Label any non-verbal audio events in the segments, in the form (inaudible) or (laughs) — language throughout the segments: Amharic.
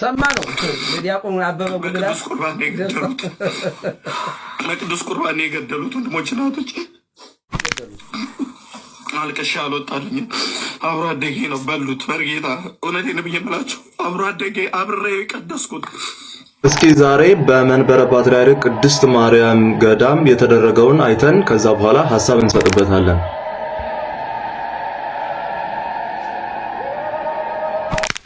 ሰማ ነው ዲያቆን አበበ ጉልላት ለቅዱስ ቁርባን (laughs) የገደሉት ወንድሞች ናቶች አልቀሻ አልወጣልኝ አብሮ አደጌ ነው በሉት። በርጌታ እውነቴን ብዬ የምላቸው አብሮ አደጌ አብሬ የቀደስኩት። እስኪ ዛሬ በመንበረ ፓትርያርክ ቅድስት ማርያም ገዳም የተደረገውን አይተን ከዛ በኋላ ሀሳብ እንሰጥበታለን።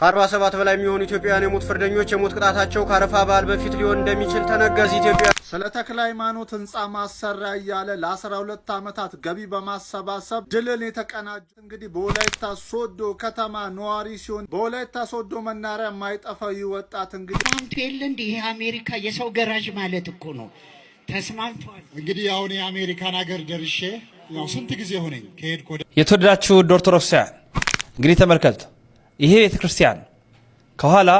ከአርባ ሰባት በላይ የሚሆኑ ኢትዮጵያውያን የሞት ፍርደኞች የሞት ቅጣታቸው ከአረፋ በዓል በፊት ሊሆን እንደሚችል ተነገዝ ኢትዮጵያ ስለ ተክለ ሃይማኖት ህንፃ ማሰሪያ እያለ ለ12 ዓመታት ገቢ በማሰባሰብ ድልን የተቀናጀ እንግዲህ በወላይታ ሶዶ ከተማ ነዋሪ ሲሆን በወላይታ ሶዶ መናሪያ የማይጠፋው ይህ ወጣት እንግዲህ ፓምፔል እንዲ አሜሪካ የሰው ገራዥ ማለት እኮ ነው። ተስማምቷል። እንግዲህ አሁን የአሜሪካን ሀገር ደርሼ ያው ስንት ጊዜ ሆነኝ ከሄድኩ ወደ የተወደዳችሁ ኦርቶዶክሳውያን እንግዲህ ተመልከቱ። ይሄ ቤተክርስቲያን ከኋላ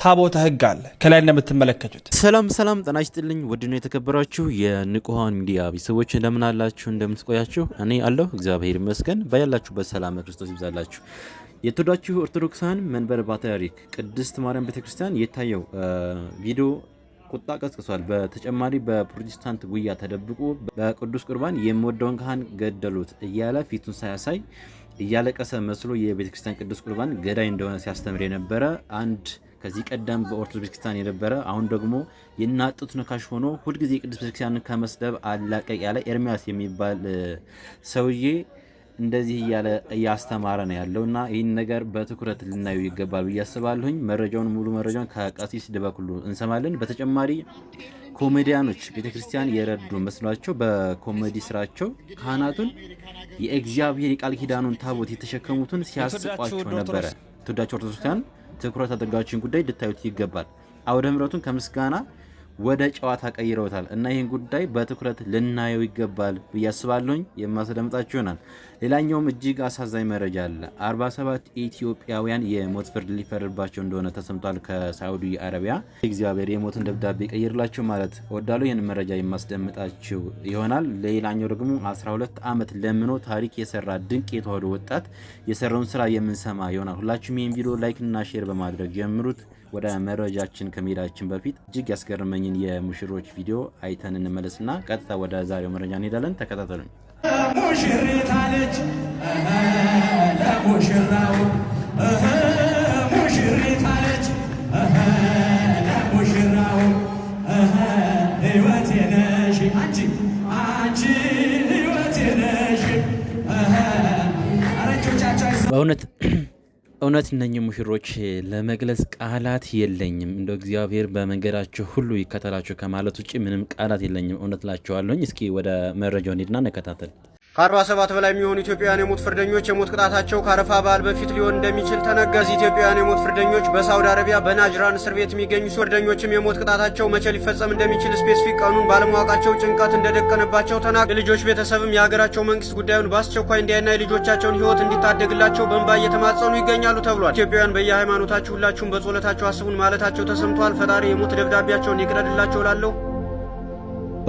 ታቦተ ሕግ አለ ከላይ እንደምትመለከቱት። ሰላም ሰላም፣ ጤና ይስጥልኝ ነው የተከበራችሁ የንቁሃን ሚዲያ ቤተሰቦች እንደምን አላችሁ? እንደምትቆያችሁ? እኔ አለሁ እግዚአብሔር ይመስገን። በያላችሁበት ሰላም ክርስቶስ ይብዛላችሁ። የተወዳችሁ ኦርቶዶክሳን መንበረ ፓትርያርክ ቅድስት ማርያም ቤተክርስቲያን የታየው ቪዲዮ ቁጣ ቀስቅሷል። በተጨማሪ በፕሮቴስታንት ጉያ ተደብቆ በቅዱስ ቁርባን የምወደውን ካህን ገደሉት እያለ ፊቱን ሳያሳይ እያለቀሰ መስሎ የቤተ ክርስቲያን ቅዱስ ቁርባን ገዳይ እንደሆነ ሲያስተምር የነበረ አንድ ከዚህ ቀደም በኦርቶዶክስ ቤተክርስቲያን የነበረ አሁን ደግሞ የናጡት ነካሽ ሆኖ ሁልጊዜ ቅዱስ ቤተክርስቲያንን ከመስደብ አላቀቅ ያለ ኤርሚያስ የሚባል ሰውዬ እንደዚህ እያለ እያስተማረ ነው ያለው እና ይህን ነገር በትኩረት ልናየው ይገባል ብዬ አስባለሁኝ። መረጃውን ሙሉ መረጃውን ከቀሲስ ድበኩሉ እንሰማለን። በተጨማሪ ኮሜዲያኖች ቤተክርስቲያን የረዱ መስሏቸው በኮሜዲ ስራቸው ካህናቱን የእግዚአብሔር የቃል ኪዳኑን ታቦት የተሸከሙትን ሲያስቋቸው ነበረ። ትወዳቸው ኦርቶዶክሳውያን ትኩረት አድርጋችን ጉዳይ ልታዩት ይገባል። አውደ ምረቱን ከምስጋና ወደ ጨዋታ ቀይረውታል እና ይህን ጉዳይ በትኩረት ልናየው ይገባል ብዬ አስባለሁኝ። የማስደምጣችሁ ይሆናል። ሌላኛውም እጅግ አሳዛኝ መረጃ አለ። 47 ኢትዮጵያውያን የሞት ፍርድ ሊፈርድባቸው እንደሆነ ተሰምቷል። ከሳዑዲ አረቢያ እግዚአብሔር የሞትን ደብዳቤ ቀይርላቸው ማለት እወዳለሁ። ይህን መረጃ የማስደምጣችሁ ይሆናል። ሌላኛው ደግሞ 12 ዓመት ለምኖ ታሪክ የሰራ ድንቅ የተዋህዶ ወጣት የሰራውን ስራ የምንሰማ ይሆናል። ሁላችሁም ይህን ቪዲዮ እና ሼር በማድረግ ጀምሩት። ወደ መረጃችን ከመሄዳችን በፊት እጅግ ያስገርመኝን የሙሽሮች ቪዲዮ አይተን እንመለስና ቀጥታ ወደ ዛሬው መረጃ እንሄዳለን። ተከታተሉኝ። ሙሽሪት አለች ለሙሽራው ሙሽሪት አለች ለሙሽራው አንቺ አንቺ በእውነት እውነት እነኝ ሙሽሮች ለመግለጽ ቃላት የለኝም። እንደ እግዚአብሔር በመንገዳቸው ሁሉ ይከተላቸው ከማለት ውጭ ምንም ቃላት የለኝም። እውነት ላቸዋለኝ። እስኪ ወደ መረጃው እንሂድና እንከታተል። ከአርባ ሰባት በላይ የሚሆኑ ኢትዮጵያውያን የሞት ፍርደኞች የሞት ቅጣታቸው ከአረፋ በዓል በፊት ሊሆን እንደሚችል ተነገዘ። ኢትዮጵያውያን የሞት ፍርደኞች በሳውዲ አረቢያ በናጅራን እስር ቤት የሚገኙ ፍርደኞችም የሞት ቅጣታቸው መቼ ሊፈጸም እንደሚችል ስፔሲፊክ ቀኑን ባለማወቃቸው ጭንቀት እንደደቀነባቸው ተናግ የልጆች ቤተሰብም የሀገራቸው መንግስት ጉዳዩን በአስቸኳይ እንዲያይና የልጆቻቸውን ህይወት እንዲታደግላቸው በእንባ እየተማጸኑ ይገኛሉ ተብሏል። ኢትዮጵያውያን በየሃይማኖታችሁ ሁላችሁም በጸሎታቸው አስቡን ማለታቸው ተሰምቷል። ፈጣሪ የሞት ደብዳቤያቸውን ይቅረድላቸው ላለሁ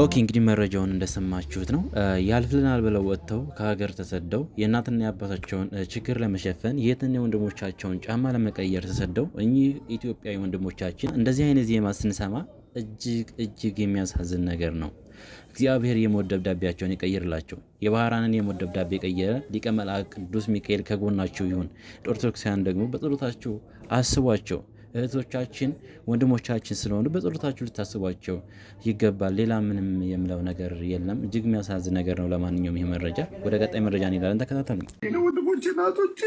ኦኬ እንግዲህ መረጃውን እንደሰማችሁት ነው። ያልፍልናል ብለው ወጥተው ከሀገር ተሰደው የእናትና የአባታቸውን ችግር ለመሸፈን የትን የወንድሞቻቸውን ጫማ ለመቀየር ተሰደው እኚህ ኢትዮጵያዊ ወንድሞቻችን እንደዚህ አይነት ዜማ ስንሰማ እጅግ እጅግ የሚያሳዝን ነገር ነው። እግዚአብሔር የሞት ደብዳቤያቸውን ይቀይርላቸው። የባህራንን የሞት ደብዳቤ የቀየረ ሊቀ ቅዱስ ሚካኤል ከጎናቸው ይሁን። ኦርቶዶክሳውያን ደግሞ በጸሎታችሁ አስቧቸው። እህቶቻችን ወንድሞቻችን ስለሆኑ በጸሎታችሁ ልታስቧቸው ይገባል። ሌላ ምንም የምለው ነገር የለም። እጅግ የሚያሳዝን ነገር ነው። ለማንኛውም ይህ መረጃ ወደ ቀጣይ መረጃ እንሄዳለን። ነው ወንድሞቼ፣ እናቶቼ፣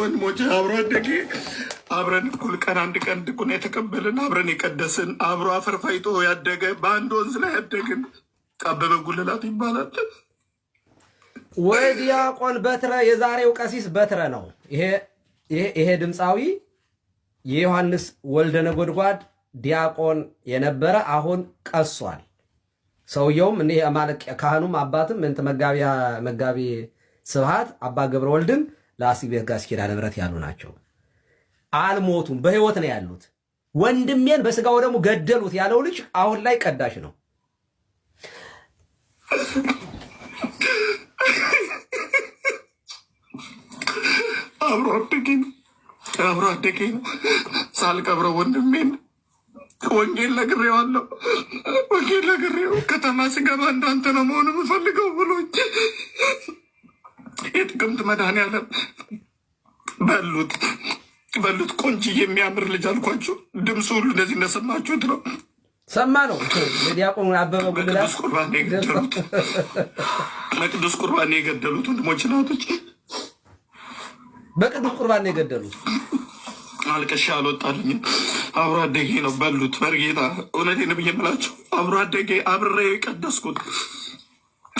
ወንድሞቼ አብሮ አደጌ አብረን እኩል ቀን አንድ ቀን ድቁን የተቀበልን አብረን የቀደስን አብሮ አፈርፋይቶ ያደገ በአንድ ወንዝ ላይ ያደግን አበበ ጉልላት ይባላል። ወይ ዲያቆን በትረ የዛሬው ቀሲስ በትረ ነው ይሄ ድምፃዊ የዮሐንስ ወልደ ነጎድጓድ ዲያቆን የነበረ አሁን ቀሷል። ሰውየውም እኒህ ካህኑም አባትም መጋቢያ መጋቢ ስብሃት አባ ገብረ ወልድም ለአስግ ቤት ጋር ኪዳነ ምሕረት ያሉ ናቸው። አልሞቱም፣ በህይወት ነው ያሉት። ወንድሜን በስጋው ደግሞ ገደሉት ያለው ልጅ አሁን ላይ ቀዳሽ ነው። አብሮ አደጌ ነው አብሮ አደጌ ነው። ሳልቀብረው ወንድሜን ወንጌል ነግሬዋለሁ። ወንጌል ነግሬው ከተማ ስገባ እንዳንተ ነው መሆኑ የምፈልገው ብሎ የጥቅምት መድኃኔዓለም በሉት በሉት ቆንጂ የሚያምር ልጅ አልኳችሁ። ድምፁ ሁሉ እንደዚህ እንደሰማችሁት ነው። ሰማ ነው ዲያቆን አበበ ጉልላት መቅዱስ ቁርባን የገደሉት ወንድሞች ናቶች በቅዱስ ቁርባን ነው የገደሉት። አልቀሻ አልወጣልኝ አብሮ አደጌ ነው በሉት። በርጌታ እውነቴን ብዬ የምላቸው አብሮ አደጌ አብሬ የቀደስኩት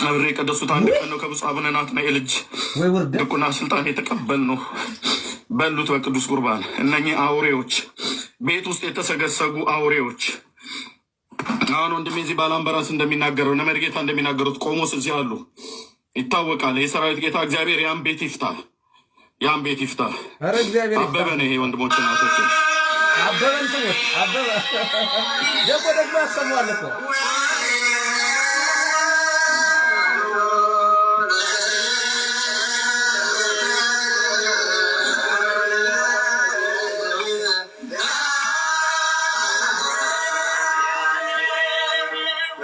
አብሬ የቀደሱት አንድ ቀን ነው ከብፁዕ አቡነ ናትናኤል እጅ ድቁና ስልጣን የተቀበል ነው በሉት። በቅዱስ ቁርባን እነኚህ አውሬዎች ቤት ውስጥ የተሰገሰጉ አውሬዎች አሁን ወንድሜ እዚህ ባላምበራስ እንደሚናገረው ነመድ ጌታ እንደሚናገሩት ቆሞስ እዚህ አሉ ይታወቃል። የሰራዊት ጌታ እግዚአብሔር ያን ቤት ይፍታል። ያን ቤት ይፍታ። አበበ ነው ይሄ ወንድሞች ናቶች አበበን ስሙት። አበበ ደግሞ ደግሞ ያሰማዋል እኮ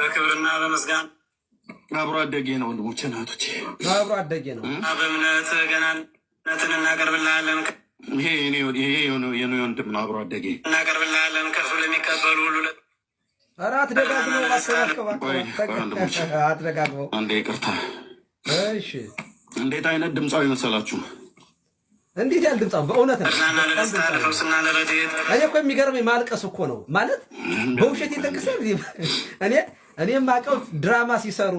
በክብርና በመስጋን አብሮ አደጌ ነው ወንድሞች ናቶች አብሮ አደጌ ነው በእምነት ገና ነትን እናቀርብልሃለን። ይሄ የኔ ወንድም ነው፣ አብሮ አደጌ እናቀርብልሃለን። ከእርሱ ለሚቀበሉ ሁሉ ይቅርታ። እንዴት አይነት ድምፃዊ መሰላችሁ? እንዴት ያህል ድምፃ በእውነት እኔ እኮ የሚገርመኝ ማልቀስ እኮ ነው ማለት በውሸት እኔ እኔ የማውቀው ድራማ ሲሰሩ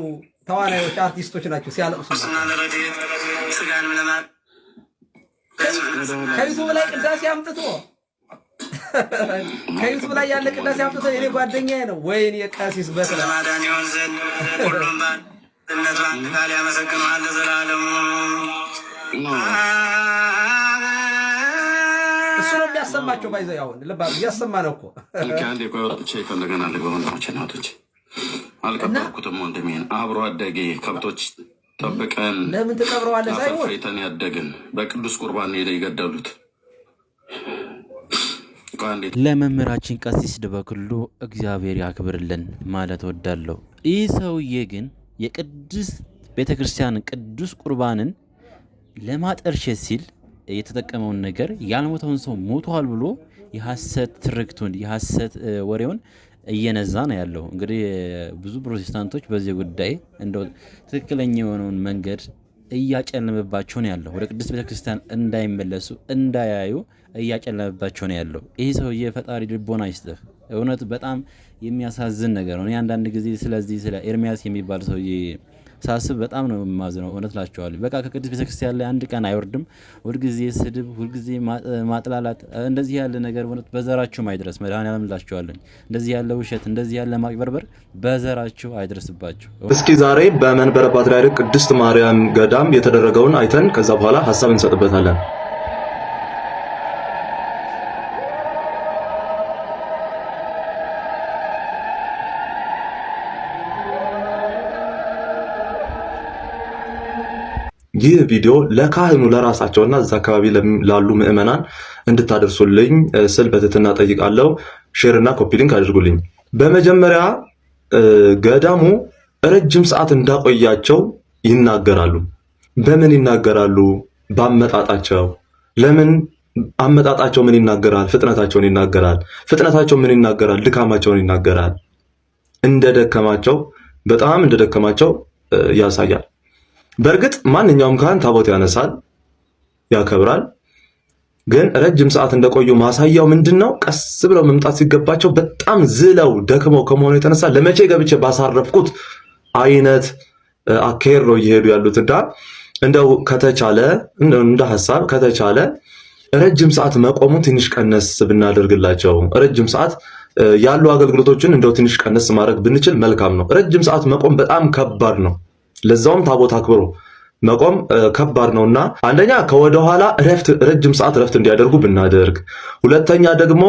ተዋናዮች አርቲስቶች ናቸው ሲያለቅሱ ከዩቱብ ላይ ቅዳሴ አምጥቶ ከዩቱብ ላይ ያለ ቅዳሴ አምጥቶ የኔ ጓደኛዬ ነው። ወይኔ ቀሲስ በስለ ማዳን ይሆን ዘንድ ሁሉም ባል እነቱ ቃል ያመሰግነዋል ለዘላለሙ። እሱ ነው የሚያሰማቸው። ባይዘው አሁን ልባ እያሰማ ነው እኮ አንድ የቆረጥቼ ከእንደገና ልገሆን ናቶች አልቀበልኩትም ወንድሜን አብሮ አደጌ ከብቶች ጠብቀን ለምን ትቀብረዋለህ? ሳይሆን ያደግን በቅዱስ ቁርባን ሄደ የገደሉት ለመምህራችን ቀሲስ ድበኩሉ እግዚአብሔር ያክብርልን ማለት ወዳለሁ። ይህ ሰውዬ ግን የቅዱስ ቤተ ክርስቲያን ቅዱስ ቁርባንን ለማጠልሸት ሲል የተጠቀመውን ነገር ያልሞተውን ሰው ሞቷል ብሎ የሐሰት ትርክቱን የሐሰት ወሬውን እየነዛ ነው ያለው። እንግዲህ ብዙ ፕሮቴስታንቶች በዚህ ጉዳይ እንደው ትክክለኛ የሆነውን መንገድ እያጨለመባቸው ነው ያለው። ወደ ቅድስት ቤተክርስቲያን እንዳይመለሱ እንዳያዩ እያጨለመባቸው ነው ያለው። ይህ ሰውዬ ፈጣሪ ልቦና ይስጥህ። እውነት በጣም የሚያሳዝን ነገር ነው። እኔ አንዳንድ ጊዜ ስለዚህ ስለ ኤርሚያስ የሚባል ሰውዬ ሳስብ በጣም ነው የማዝነው። እውነት ላቸዋለሁ። በቃ ከቅዱስ ቤተክርስቲያን ላይ አንድ ቀን አይወርድም። ሁልጊዜ ስድብ፣ ሁልጊዜ ማጥላላት፣ እንደዚህ ያለ ነገር እውነት በዘራችሁ አይድረስ። መድኃኔዓለም እላቸዋለሁ። እንደዚህ ያለ ውሸት፣ እንደዚህ ያለ ማቅበርበር በዘራችሁ አይድረስባችሁ። እስኪ ዛሬ በመንበረ ፓትርያርክ ቅድስት ማርያም ገዳም የተደረገውን አይተን ከዛ በኋላ ሀሳብ እንሰጥበታለን። ይህ ቪዲዮ ለካህኑ ለራሳቸውና እዛ አካባቢ ላሉ ምዕመናን እንድታደርሱልኝ ስል በትህትና ጠይቃለሁ። ሼርና ኮፒሊንክ አድርጉልኝ። በመጀመሪያ ገዳሙ ረጅም ሰዓት እንዳቆያቸው ይናገራሉ። በምን ይናገራሉ? በአመጣጣቸው። ለምን አመጣጣቸው ምን ይናገራል? ፍጥነታቸውን ይናገራል። ፍጥነታቸው ምን ይናገራል? ድካማቸውን ይናገራል። እንደደከማቸው በጣም እንደደከማቸው ያሳያል። በእርግጥ ማንኛውም ካህን ታቦት ያነሳል፣ ያከብራል። ግን ረጅም ሰዓት እንደቆዩ ማሳያው ምንድን ነው? ቀስ ብለው መምጣት ሲገባቸው በጣም ዝለው ደክመው ከመሆኑ የተነሳ ለመቼ ገብቼ ባሳረፍኩት አይነት አካሄድ ነው እየሄዱ ያሉት። እና እንደው ከተቻለ እንደ ሀሳብ ከተቻለ ረጅም ሰዓት መቆሙን ትንሽ ቀነስ ብናደርግላቸው፣ ረጅም ሰዓት ያሉ አገልግሎቶችን እንደው ትንሽ ቀነስ ማድረግ ብንችል መልካም ነው። ረጅም ሰዓት መቆም በጣም ከባድ ነው። ለዛውም ታቦት አክብሮ መቆም ከባድ ነውና አንደኛ ከወደኋላ ኋላ ረጅም ሰዓት እረፍት እንዲያደርጉ ብናደርግ፣ ሁለተኛ ደግሞ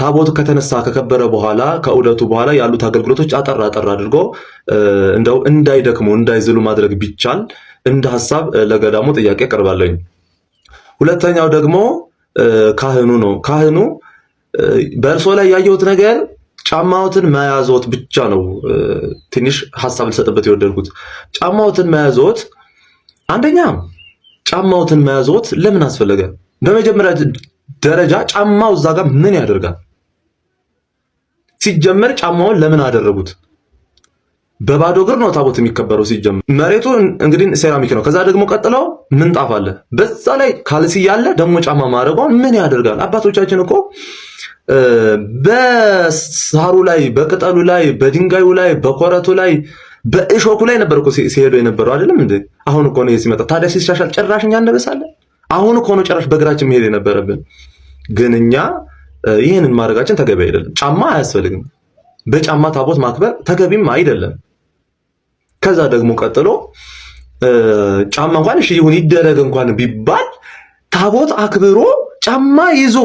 ታቦት ከተነሳ ከከበረ በኋላ ከዑደቱ በኋላ ያሉት አገልግሎቶች አጠር አጠር አድርጎ እንደው እንዳይደክሙ እንዳይዝሉ ማድረግ ቢቻል እንደ ሀሳብ ለገዳሙ ጥያቄ አቀርባለሁ። ሁለተኛው ደግሞ ካህኑ ነው። ካህኑ በእርሶ ላይ ያየሁት ነገር ጫማዎትን መያዞት ብቻ ነው ትንሽ ሀሳብ ልሰጥበት የወደድኩት። ጫማዎትን መያዞት አንደኛ ጫማዎትን መያዞት ለምን አስፈለገ? በመጀመሪያ ደረጃ ጫማው እዛ ጋር ምን ያደርጋል? ሲጀመር ጫማውን ለምን አደረጉት? በባዶ እግር ነው ታቦት የሚከበረው። ሲጀመር መሬቱ እንግዲህ ሴራሚክ ነው። ከዛ ደግሞ ቀጥለው ምንጣፍ አለ። በዛ ላይ ካልሲ ያለ ደግሞ ጫማ ማድረጓን ምን ያደርጋል? አባቶቻችን እኮ በሳሩ ላይ በቅጠሉ ላይ በድንጋዩ ላይ በኮረቱ ላይ በእሾኩ ላይ ነበር እኮ ሲሄዱ የነበረው አይደለም እንዴ? አሁን እኮ ነው ሲመጣ። ታዲያ ሲሻሻል ጭራሽ እኛ እንረሳለን። አሁን እኮ ነው ጭራሽ በእግራችን መሄድ የነበረብን። ግን እኛ ይህንን ማድረጋችን ተገቢ አይደለም። ጫማ አያስፈልግም። በጫማ ታቦት ማክበር ተገቢም አይደለም። ከዛ ደግሞ ቀጥሎ ጫማ እንኳን እሺ ይሁን ይደረግ እንኳን ቢባል ታቦት አክብሮ ጫማ ይዞ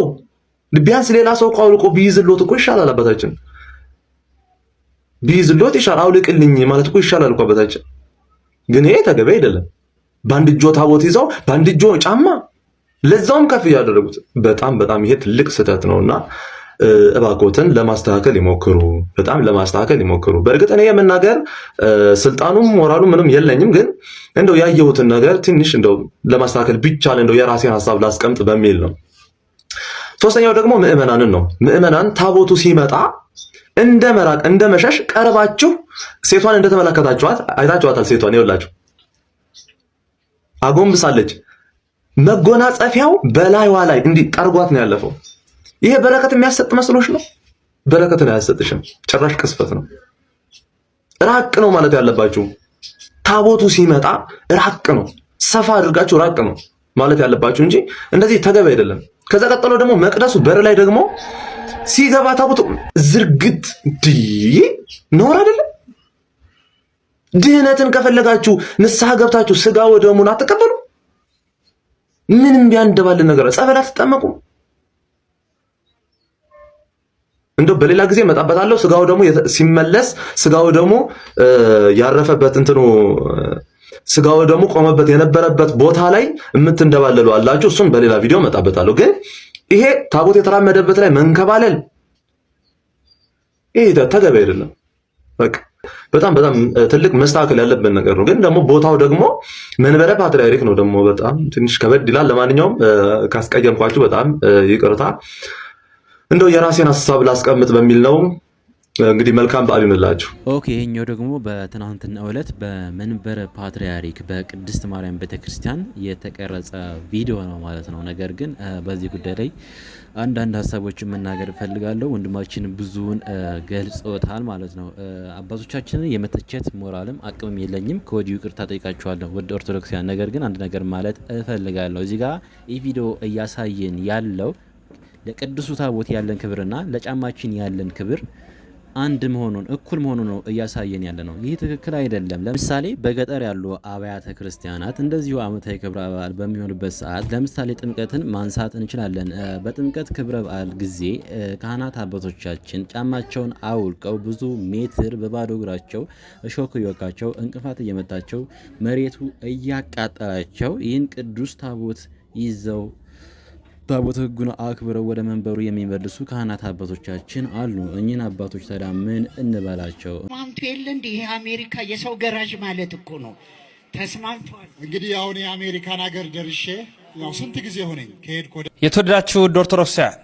ቢያንስ ሌላ ሰው እኮ አውልቆ ቢይዝሎት እኮ ይሻላል። አባታችን ቢይዝሎት ይሻላል። አውልቅልኝ ማለት እኮ ይሻላል እኮ አባታችን። ግን ይሄ ተገቢ አይደለም። በአንድ እጆ ታቦት ይዘው በአንድ እጆ ጫማ ለዛውም ከፍ እያደረጉት በጣም በጣም ይሄ ትልቅ ስህተት ነውና እባኮትን ለማስተካከል ይሞክሩ፣ በጣም ለማስተካከል ይሞክሩ። በእርግጥ እኔ የመናገር ስልጣኑም ሞራሉ ምንም የለኝም፣ ግን እንደው ያየሁትን ነገር ትንሽ እንደው ለማስተካከል ቢቻል እንደው የራሴን ሀሳብ ላስቀምጥ በሚል ነው። ሶስተኛው ደግሞ ምእመናን ነው። ምእመናን ታቦቱ ሲመጣ እንደ መራቅ እንደ መሸሽ ቀርባችሁ ሴቷን እንደተመለከታችኋት አይታችኋታል። ሴቷን ይወላችሁ አጎንብሳለች። መጎናጸፊያው በላይዋ ላይ እንዲህ ጠርጓት ነው ያለፈው። ይሄ በረከት የሚያሰጥ መስሎሽ ነው? በረከትን አያሰጥሽም። ጭራሽ ቅስፈት ነው። ራቅ ነው ማለት ያለባችሁ። ታቦቱ ሲመጣ ራቅ ነው፣ ሰፋ አድርጋችሁ ራቅ ነው ማለት ያለባችሁ እንጂ እንደዚህ ተገቢ አይደለም። ከዛ ቀጥሎ ደግሞ መቅደሱ በር ላይ ደግሞ ሲገባ ታቦት ዝርግት ድይ ነውር አይደለም። ድህነትን ከፈለጋችሁ ንስሐ ገብታችሁ ስጋ ወደሙን አትቀበሉ። ምንም ቢያንደባልን ነገር ጸበል አትጠመቁ። እንደው በሌላ ጊዜ መጣበታለሁ። ስጋው ደግሞ ሲመለስ ስጋው ደግሞ ያረፈበት እንትኑ ስጋው ደግሞ ቆመበት የነበረበት ቦታ ላይ የምትንደባለሉ አላችሁ። እሱን በሌላ ቪዲዮ መጣበታለሁ። ግን ይሄ ታቦት የተራመደበት ላይ መንከባለል ይሄ ተገቢ አይደለም። በቃ በጣም በጣም ትልቅ መስተካከል ያለብን ነገር ነው። ግን ደግሞ ቦታው ደግሞ መንበረ ፓትርያርክ ነው። ደግሞ በጣም ትንሽ ከበድ ይላል። ለማንኛውም ካስቀየምኳችሁ በጣም ይቅርታ። እንደው የራሴን ሀሳብ ላስቀምጥ በሚል ነው። እንግዲህ መልካም በዓል ይሆንላችሁ። ኦኬ ይሄኛው ደግሞ በትናንትናው ዕለት በመንበረ ፓትርያርክ በቅድስት ማርያም ቤተክርስቲያን የተቀረጸ ቪዲዮ ነው ማለት ነው። ነገር ግን በዚህ ጉዳይ ላይ አንዳንድ ሀሳቦችን መናገር እፈልጋለሁ። ወንድማችን ብዙውን ገልጾታል ማለት ነው። አባቶቻችንን የመተቸት ሞራልም አቅምም የለኝም፣ ከወዲሁ ይቅርታ ጠይቃችኋለሁ ወደ ኦርቶዶክሲያን። ነገር ግን አንድ ነገር ማለት እፈልጋለሁ። እዚህ ጋ ይህ ቪዲዮ እያሳየን ያለው ለቅዱሱ ታቦት ያለን ክብርና ለጫማችን ያለን ክብር አንድ መሆኑን እኩል መሆኑን ነው እያሳየን ያለ ነው። ይህ ትክክል አይደለም። ለምሳሌ በገጠር ያሉ አብያተ ክርስቲያናት እንደዚሁ ዓመታዊ ክብረ በዓል በሚሆንበት ሰዓት ለምሳሌ ጥምቀትን ማንሳት እንችላለን። በጥምቀት ክብረ በዓል ጊዜ ካህናት አባቶቻችን ጫማቸውን አውልቀው ብዙ ሜትር በባዶ እግራቸው እሾክ እየወጋቸው እንቅፋት እየመታቸው መሬቱ እያቃጠላቸው ይህን ቅዱስ ታቦት ይዘው ታቦተ ሕጉን አክብረው ወደ መንበሩ የሚመልሱ ካህናት አባቶቻችን አሉ። እኚህን አባቶች ታዲያ ምን እንበላቸው? ማንቱ የለ እንዲ ይሄ አሜሪካ የሰው ገራዥ ማለት እኮ ነው። ተስማምቷል። እንግዲህ አሁን የአሜሪካን ሀገር ደርሼ ያው ስንት ጊዜ ሆነኝ ከሄድኩ። የተወደዳችሁ ውድ ኦርቶዶክሳውያን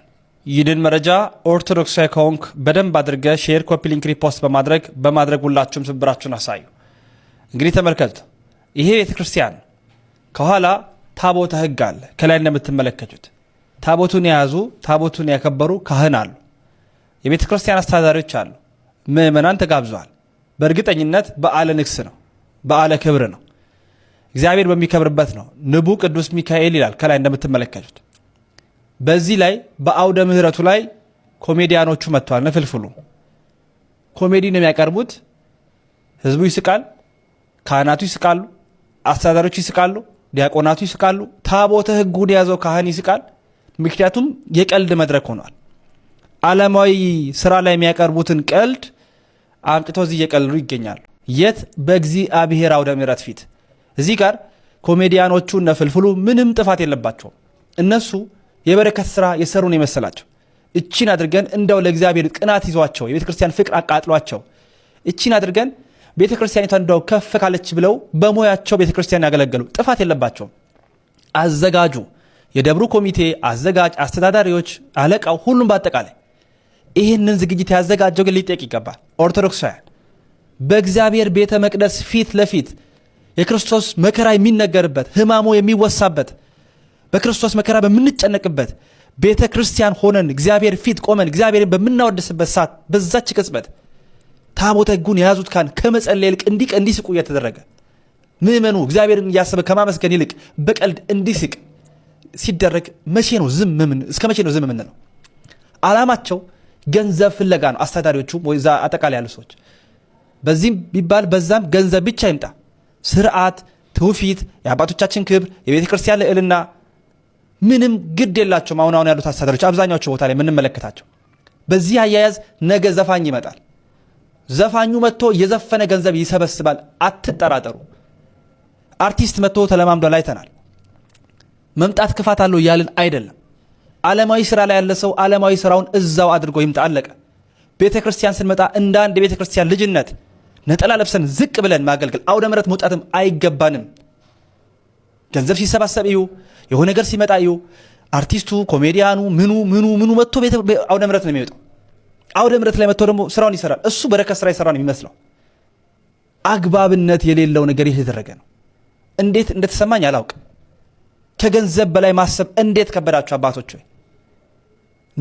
ይህንን መረጃ ኦርቶዶክሳዊ ከሆንክ በደንብ አድርገ ሼር፣ ኮፒ ሊንክ፣ ሪፖስት በማድረግ በማድረግ ሁላችሁም ትብብራችሁን አሳዩ። እንግዲህ ተመልከቱ፣ ይሄ ቤተክርስቲያን ከኋላ ታቦተ ሕግ አለ ከላይ እንደምትመለከቱት ታቦቱን የያዙ ታቦቱን ያከበሩ ካህን አሉ። የቤተ ክርስቲያን አስተዳዳሪዎች አሉ። ምእመናን ተጋብዘዋል። በእርግጠኝነት በዓለ ንግስ ነው፣ በዓለ ክብር ነው። እግዚአብሔር በሚከብርበት ነው። ንቡ ቅዱስ ሚካኤል ይላል ከላይ እንደምትመለከቱት። በዚህ ላይ በአውደ ምሕረቱ ላይ ኮሜዲያኖቹ መጥተዋል። ነፍልፍሉ ኮሜዲ ነው የሚያቀርቡት። ህዝቡ ይስቃል፣ ካህናቱ ይስቃሉ፣ አስተዳዳሪዎቹ ይስቃሉ፣ ዲያቆናቱ ይስቃሉ፣ ታቦተ ህጉን የያዘው ካህን ይስቃል። ምክንያቱም የቀልድ መድረክ ሆኗል። አለማዊ ስራ ላይ የሚያቀርቡትን ቀልድ አምጥቶ እዚህ እየቀልሉ ይገኛሉ። የት? በእግዚአብሔር አውደ ምረት ፊት። እዚህ ጋር ኮሜዲያኖቹ ነፍልፍሉ ምንም ጥፋት የለባቸውም። እነሱ የበረከት ስራ የሰሩን የመሰላቸው እቺን አድርገን እንደው ለእግዚአብሔር ቅናት ይዟቸው የቤተ ክርስቲያን ፍቅር አቃጥሏቸው እቺን አድርገን ቤተ ክርስቲያኒቷ እንደው ከፍ ካለች ብለው በሙያቸው ቤተ ክርስቲያን ያገለገሉ ጥፋት የለባቸውም። አዘጋጁ የደብሩ ኮሚቴ አዘጋጅ፣ አስተዳዳሪዎች፣ አለቃው፣ ሁሉም በአጠቃላይ ይህንን ዝግጅት ያዘጋጀው ግን ሊጠየቅ ይገባል። ኦርቶዶክሳውያን በእግዚአብሔር ቤተ መቅደስ ፊት ለፊት የክርስቶስ መከራ የሚነገርበት ሕማሙ የሚወሳበት በክርስቶስ መከራ በምንጨነቅበት ቤተ ክርስቲያን ሆነን እግዚአብሔር ፊት ቆመን እግዚአብሔርን በምናወድስበት ሰዓት በዛች ቅጽበት ታቦተ ሕጉን የያዙት ካህን ከመጸለይ ይልቅ እንዲስቁ እየተደረገ ምእመኑ እግዚአብሔርን እያሰበ ከማመስገን ይልቅ በቀልድ እንዲስቅ ሲደረግ መቼ ነው ዝም ምን እስከ መቼ ነው ዝም ምን ነው? አላማቸው ገንዘብ ፍለጋ ነው። አስተዳዳሪዎቹ ወይ አጠቃላይ ያሉ ሰዎች በዚህም ቢባል በዛም ገንዘብ ብቻ ይምጣ። ስርዓት፣ ትውፊት፣ የአባቶቻችን ክብር፣ የቤተ ክርስቲያን ልዕልና ምንም ግድ የላቸውም። አሁን አሁን ያሉት አስተዳዳሪዎች አብዛኛዎቹ ቦታ ላይ የምንመለከታቸው በዚህ አያያዝ ነገ ዘፋኝ ይመጣል። ዘፋኙ መጥቶ የዘፈነ ገንዘብ ይሰበስባል። አትጠራጠሩ። አርቲስት መጥቶ ተለማምዶ ላይተናል። መምጣት ክፋት አለው እያልን አይደለም። ዓለማዊ ስራ ላይ ያለ ሰው ዓለማዊ ስራውን እዛው አድርጎ ይምጣ፣ አለቀ። ቤተ ክርስቲያን ስንመጣ እንደ አንድ የቤተ ክርስቲያን ልጅነት ነጠላ ለብሰን ዝቅ ብለን ማገልገል አውደ ምረት መውጣትም አይገባንም። ገንዘብ ሲሰባሰብ እዩ፣ የሆነ ነገር ሲመጣ እዩ። አርቲስቱ ኮሜዲያኑ፣ ምኑ ምኑ ምኑ መጥቶ አውደ ምረት ነው የሚመጣው። አውደ ምረት ላይ መጥቶ ደግሞ ስራውን ይሰራል። እሱ በረከት ስራ ይሰራ ነው የሚመስለው። አግባብነት የሌለው ነገር ይህ የተደረገ ነው። እንዴት እንደተሰማኝ አላውቅም። ከገንዘብ በላይ ማሰብ እንዴት ከበዳችሁ አባቶች ሆይ።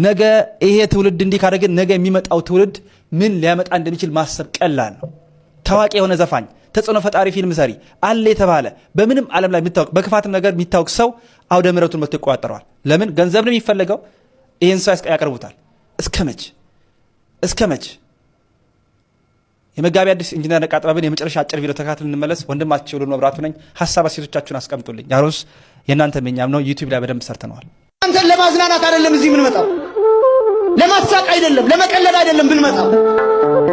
ነገ ይሄ ትውልድ እንዲህ ካደረግን ነገ የሚመጣው ትውልድ ምን ሊያመጣ እንደሚችል ማሰብ ቀላል ነው። ታዋቂ የሆነ ዘፋኝ፣ ተጽዕኖ ፈጣሪ፣ ፊልም ሰሪ አለ የተባለ በምንም ዓለም ላይ የሚታወቅ በክፋትም ነገር የሚታወቅ ሰው አውደ ምረቱን መጥቶ ይቆጣጠረዋል። ለምን? ገንዘብ ነው የሚፈለገው። ይህን ሰው ያቀርቡታል። እስከ መች እስከ መች? የመጋቢ አዲስ ኢንጂነር ነቃ ጥበብን የመጨረሻ አጭር ቪዲዮ ተካትል እንመለስ። ወንድማቸው ሁሉ መብራቱ ነኝ። ሀሳብ አሴቶቻችሁን አስቀምጡልኝ። ያሮስ የእናንተ መኛም ነው። ዩቲዩብ ላይ በደንብ ሰርተነዋል። አንተን ለማዝናናት አይደለም እዚህ የምንመጣው፣ ለማሳቅ አይደለም፣ ለመቀለል አይደለም ብንመጣው፣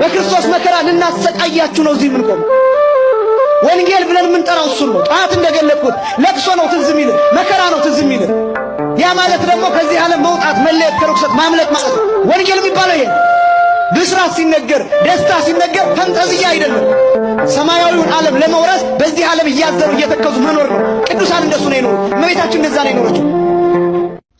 በክርስቶስ መከራ ልናሰቃያችሁ ነው እዚህ የምንቆመው። ወንጌል ብለን የምንጠራው እሱን ነው። ጠዋት እንደገለጥኩት ለቅሶ ነው ትዝ የሚል መከራ ነው ትዝ የሚል። ያ ማለት ደግሞ ከዚህ ዓለም መውጣት መለየት፣ ከርኩሰት ማምለክ ማለት ነው። ወንጌል የሚባለው ይሄ ብስራት ሲነገር ደስታ ሲነገር ፈንጠዝያ አይደለም። ሰማያዊውን ዓለም ለመውረስ በዚህ ዓለም እያዘኑ እየተከዙ መኖር ነው። ቅዱሳን እንደሱ ነው የኖሩ። እመቤታችን እንደዛ ነው የኖረችው።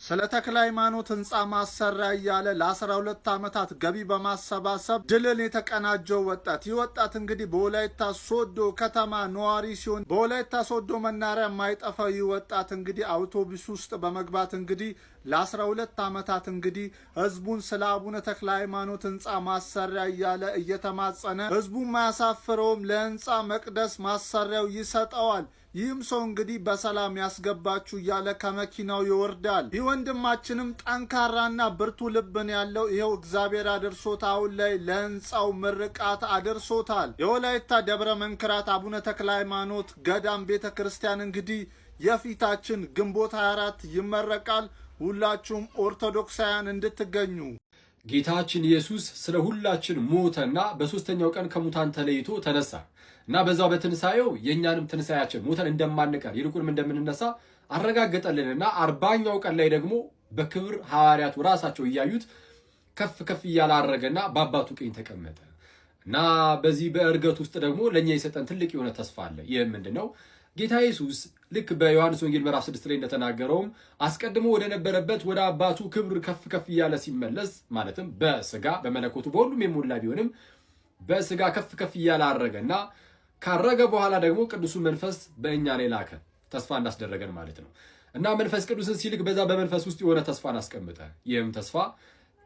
ስለ ተክለ ሃይማኖት ህንፃ ማሰሪያ እያለ ለ12 ዓመታት ገቢ በማሰባሰብ ድልን የተቀናጀው ወጣት። ይህ ወጣት እንግዲህ በወላይታ ሶዶ ከተማ ነዋሪ ሲሆን በወላይታ ሶዶ መናሪያ የማይጠፋው ይህ ወጣት እንግዲህ አውቶቡስ ውስጥ በመግባት እንግዲህ ለ12 ዓመታት እንግዲህ ህዝቡን ስለ አቡነ ተክለ ሃይማኖት ህንፃ ማሰሪያ እያለ እየተማጸነ ህዝቡ ማያሳፍረውም፣ ለህንፃ መቅደስ ማሰሪያው ይሰጠዋል። ይህም ሰው እንግዲህ በሰላም ያስገባችሁ እያለ ከመኪናው ይወርዳል። ይህ ወንድማችንም ጠንካራና ብርቱ ልብን ያለው ይኸው እግዚአብሔር አድርሶት አሁን ላይ ለህንፃው ምርቃት አድርሶታል። የወላይታ ደብረ መንክራት አቡነ ተክለ ሃይማኖት ገዳም ቤተ ክርስቲያን እንግዲህ የፊታችን ግንቦት 24 ይመረቃል። ሁላችሁም ኦርቶዶክሳውያን እንድትገኙ። ጌታችን ኢየሱስ ስለ ሁላችን ሞተና በሦስተኛው ቀን ከሙታን ተለይቶ ተነሳ። እና በዛው በትንሳኤው የእኛንም ትንሳያችን ሙተን እንደማንቀር ይልቁንም እንደምንነሳ አረጋገጠልን እና አርባኛው ቀን ላይ ደግሞ በክብር ሐዋርያቱ ራሳቸው እያዩት ከፍ ከፍ እያለ አረገና በአባቱ ቀኝ ተቀመጠ እና በዚህ በእርገት ውስጥ ደግሞ ለእኛ የሰጠን ትልቅ የሆነ ተስፋ አለ። ይህ ምንድን ነው? ጌታ ኢየሱስ ልክ በዮሐንስ ወንጌል ምዕራፍ 6 ላይ እንደተናገረውም አስቀድሞ ወደ ነበረበት ወደ አባቱ ክብር ከፍ ከፍ እያለ ሲመለስ ማለትም በስጋ በመለኮቱ በሁሉም የሞላ ቢሆንም በስጋ ከፍ ከፍ እያለ እና ካረገ በኋላ ደግሞ ቅዱሱ መንፈስ በእኛ ላይ ላከ፣ ተስፋ እንዳስደረገን ማለት ነው። እና መንፈስ ቅዱስን ሲልክ በዛ በመንፈስ ውስጥ የሆነ ተስፋን አስቀምጠ። ይህም ተስፋ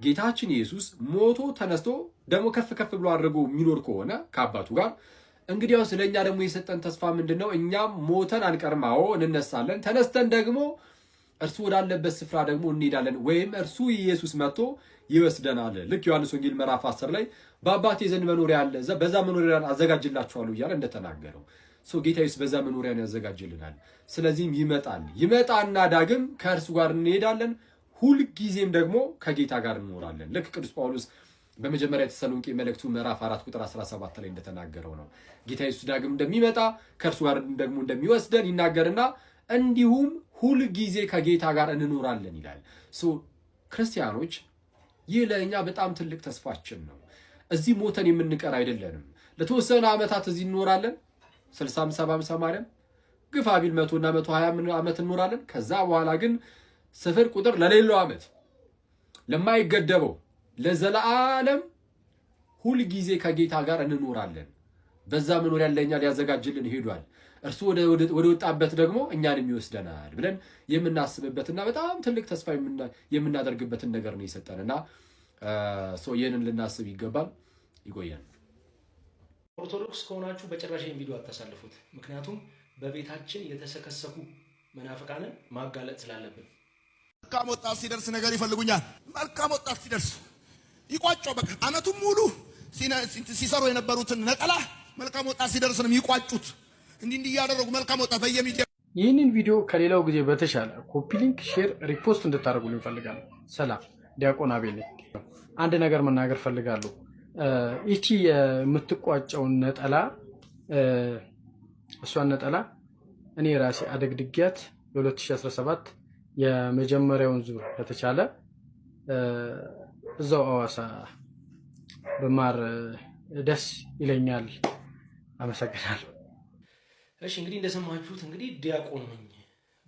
ጌታችን ኢየሱስ ሞቶ ተነስቶ ደግሞ ከፍ ከፍ ብሎ አድርጎ የሚኖር ከሆነ ከአባቱ ጋር ስለ እኛ ደግሞ የሰጠን ተስፋ ምንድን ነው? እኛም ሞተን አንቀርም፣ አዎ እንነሳለን። ተነስተን ደግሞ እርሱ ወዳለበት ስፍራ ደግሞ እንሄዳለን፣ ወይም እርሱ ኢየሱስ መጥቶ ይወስደናል። ልክ ዮሐንስ ወንጌል ምዕራፍ 10 ላይ በአባቴ ዘንድ መኖሪያ አለ፣ በዛ መኖሪያ አዘጋጅላችኋለሁ እያለ እንደተናገረው ሰው ጌታ ኢየሱስ በዛ መኖሪያን ያዘጋጅልናል። ስለዚህም ይመጣል ይመጣና ዳግም ከእርሱ ጋር እንሄዳለን፣ ሁልጊዜም ደግሞ ከጌታ ጋር እንኖራለን። ልክ ቅዱስ ጳውሎስ በመጀመሪያ የተሰሎንቄ መልእክቱ ምዕራፍ 4 ቁጥር 17 ላይ እንደተናገረው ነው። ጌታ ኢየሱስ ዳግም እንደሚመጣ ከእርሱ ጋር ደግሞ እንደሚወስደን ይናገርና እንዲሁም ሁልጊዜ ከጌታ ጋር እንኖራለን ይላል። ክርስቲያኖች ይህ ለእኛ በጣም ትልቅ ተስፋችን ነው። እዚህ ሞተን የምንቀር አይደለንም። ለተወሰነ ዓመታት እዚህ እንኖራለን፣ ስልሳም ሰባም ሰማንያም ግፋ ቢል መቶና መቶ ሀያ ዓመት እንኖራለን። ከዛ በኋላ ግን ስፍር ቁጥር ለሌለው ዓመት ለማይገደበው ለዘላለም ሁልጊዜ ከጌታ ጋር እንኖራለን። በዛ መኖሪያ ለእኛ ሊያዘጋጅልን ሄዷል። እርሱ ወደ ወጣበት ደግሞ እኛንም ይወስደናል ብለን የምናስብበትና በጣም ትልቅ ተስፋ የምናደርግበትን ነገር ነው የሰጠንና ይህንን ልናስብ ይገባል። ይቆያል። ኦርቶዶክስ ከሆናችሁ በጭራሽ ቪዲዮ አታሳልፉት። ምክንያቱም በቤታችን የተሰከሰኩ መናፍቃንን ማጋለጥ ስላለብን መልካም ወጣት ሲደርስ ነገር ይፈልጉኛል። መልካም ወጣት ሲደርስ ይቋጮ በቃ አመቱም ሙሉ ሲሰሩ የነበሩትን ነጠላ መልካም ወጣት ሲደርስ ነው የሚቋጩት። እንዲህ እንዲህ እያደረጉ መልካም ወጣት በየሚዲያ ይህንን ቪዲዮ ከሌላው ጊዜ በተሻለ ኮፒ ሊንክ፣ ሼር፣ ሪፖስት እንድታደርጉልኝ እፈልጋለሁ። ሰላም፣ ዲያቆን አቤል ነኝ። አንድ ነገር መናገር ፈልጋለሁ። ይቺ የምትቋጨውን ነጠላ እሷን ነጠላ እኔ ራሴ አደግድጊያት የ2017 የመጀመሪያውን ዙር ከተቻለ እዛው አዋሳ ብማር ደስ ይለኛል። አመሰግናለሁ። እሺ እንግዲህ እንደሰማችሁት እንግዲህ ዲያቆን ነኝ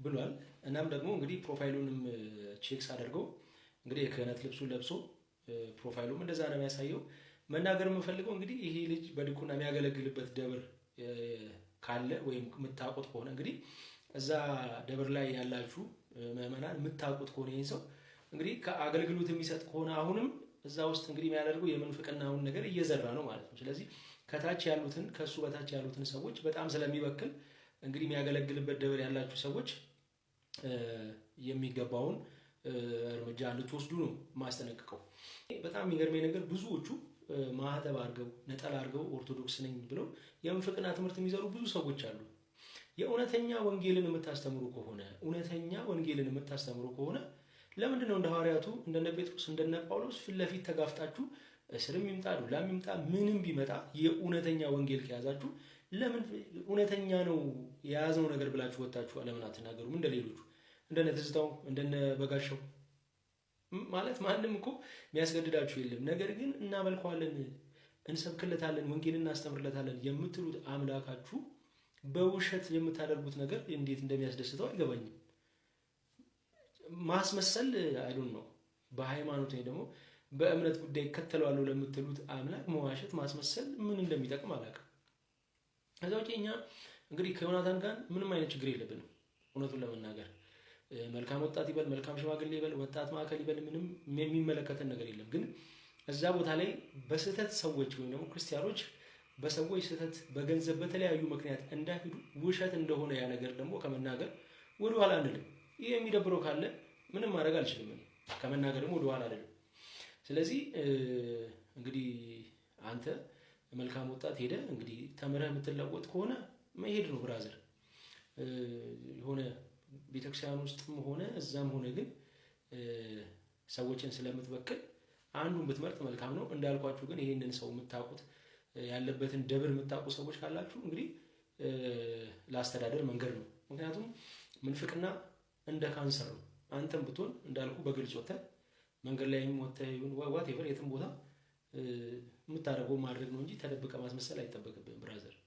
ብሏል። እናም ደግሞ እንግዲህ ፕሮፋይሉንም ቼክስ አድርገው እንግዲህ የክህነት ልብሱን ለብሶ ፕሮፋይሉም እንደዛ ነው የሚያሳየው። መናገር የምፈልገው እንግዲህ ይሄ ልጅ በድቁና የሚያገለግልበት ደብር ካለ ወይም የምታውቁት ከሆነ እንግዲህ እዛ ደብር ላይ ያላችሁ ምዕመናን የምታውቁት ከሆነ ይህን ሰው እንግዲህ ከአገልግሎት የሚሰጥ ከሆነ አሁንም እዛ ውስጥ እንግዲህ የሚያደርገው የምንፍቅናውን ነገር እየዘራ ነው ማለት ነው። ስለዚህ ከታች ያሉትን ከእሱ በታች ያሉትን ሰዎች በጣም ስለሚበክል እንግዲህ የሚያገለግልበት ደብር ያላችሁ ሰዎች የሚገባውን እርምጃ ልትወስዱ ነው ማስጠነቅቀው። በጣም የሚገርመኝ ነገር ብዙዎቹ ማህተብ አድርገው ነጠላ አድርገው ኦርቶዶክስ ነኝ ብለው የምንፍቅና ትምህርት የሚዘሩ ብዙ ሰዎች አሉ። የእውነተኛ ወንጌልን የምታስተምሩ ከሆነ እውነተኛ ወንጌልን የምታስተምሩ ከሆነ ለምንድን ነው እንደ ሐዋርያቱ እንደነ ጴጥሮስ እንደነ ጳውሎስ ፊት ለፊት ተጋፍጣችሁ እስርም ይምጣ ዱላም ይምጣ ምንም ቢመጣ የእውነተኛ ወንጌል ከያዛችሁ ለምን እውነተኛ ነው የያዝነው ነገር ብላችሁ ወጥታችሁ ለምን አትናገሩም ሌሎቹ እንደነ ትዝታው እንደነ በጋሻው ማለት ማንም እኮ የሚያስገድዳችሁ የለም። ነገር ግን እናመልከዋለን፣ እንሰብክለታለን፣ ወንጌል እናስተምርለታለን የምትሉት አምላካችሁ በውሸት የምታደርጉት ነገር እንዴት እንደሚያስደስተው አይገባኝም። ማስመሰል አይሉን ነው። በሃይማኖት ወይ ደግሞ በእምነት ጉዳይ እከተለዋለሁ ለምትሉት አምላክ መዋሸት፣ ማስመሰል ምን እንደሚጠቅም አላውቅም። ከዛ ውጪ እኛ እንግዲህ ከዮናታን ጋር ምንም አይነት ችግር የለብንም እውነቱን ለመናገር መልካም ወጣት ይበል፣ መልካም ሽማግሌ ይበል፣ ወጣት ማዕከል ይበል፣ ምንም የሚመለከተን ነገር የለም። ግን እዛ ቦታ ላይ በስህተት ሰዎች ወይም ደግሞ ክርስቲያኖች በሰዎች ስህተት በገንዘብ በተለያዩ ምክንያት እንዳይሄዱ ውሸት እንደሆነ ያ ነገር ደግሞ ከመናገር ወደ ኋላ አንልም። ይህ የሚደብረው ካለ ምንም ማድረግ አልችልም። ከመናገር ደግሞ ወደ ኋላ አንልም። ስለዚህ እንግዲህ አንተ መልካም ወጣት ሄደ እንግዲህ ተምረህ የምትለወጥ ከሆነ መሄድ ነው ብራዘር የሆነ ቤተክርስቲያን ውስጥም ሆነ እዛም ሆነ ግን ሰዎችን ስለምትበክል አንዱን ብትመርጥ መልካም ነው። እንዳልኳችሁ ግን ይህንን ሰው የምታውቁት ያለበትን ደብር የምታውቁ ሰዎች ካላችሁ እንግዲህ ለአስተዳደር መንገድ ነው። ምክንያቱም ምንፍቅና እንደ ካንሰር ነው። አንተም ብትሆን እንዳልኩ በግልጽ ወጥተህ መንገድ ላይ ወጥተህ ዋቴቨር የትም ቦታ የምታደርገው ማድረግ ነው እንጂ ተደብቀ ማስመሰል አይጠበቅብህም ብራዘር።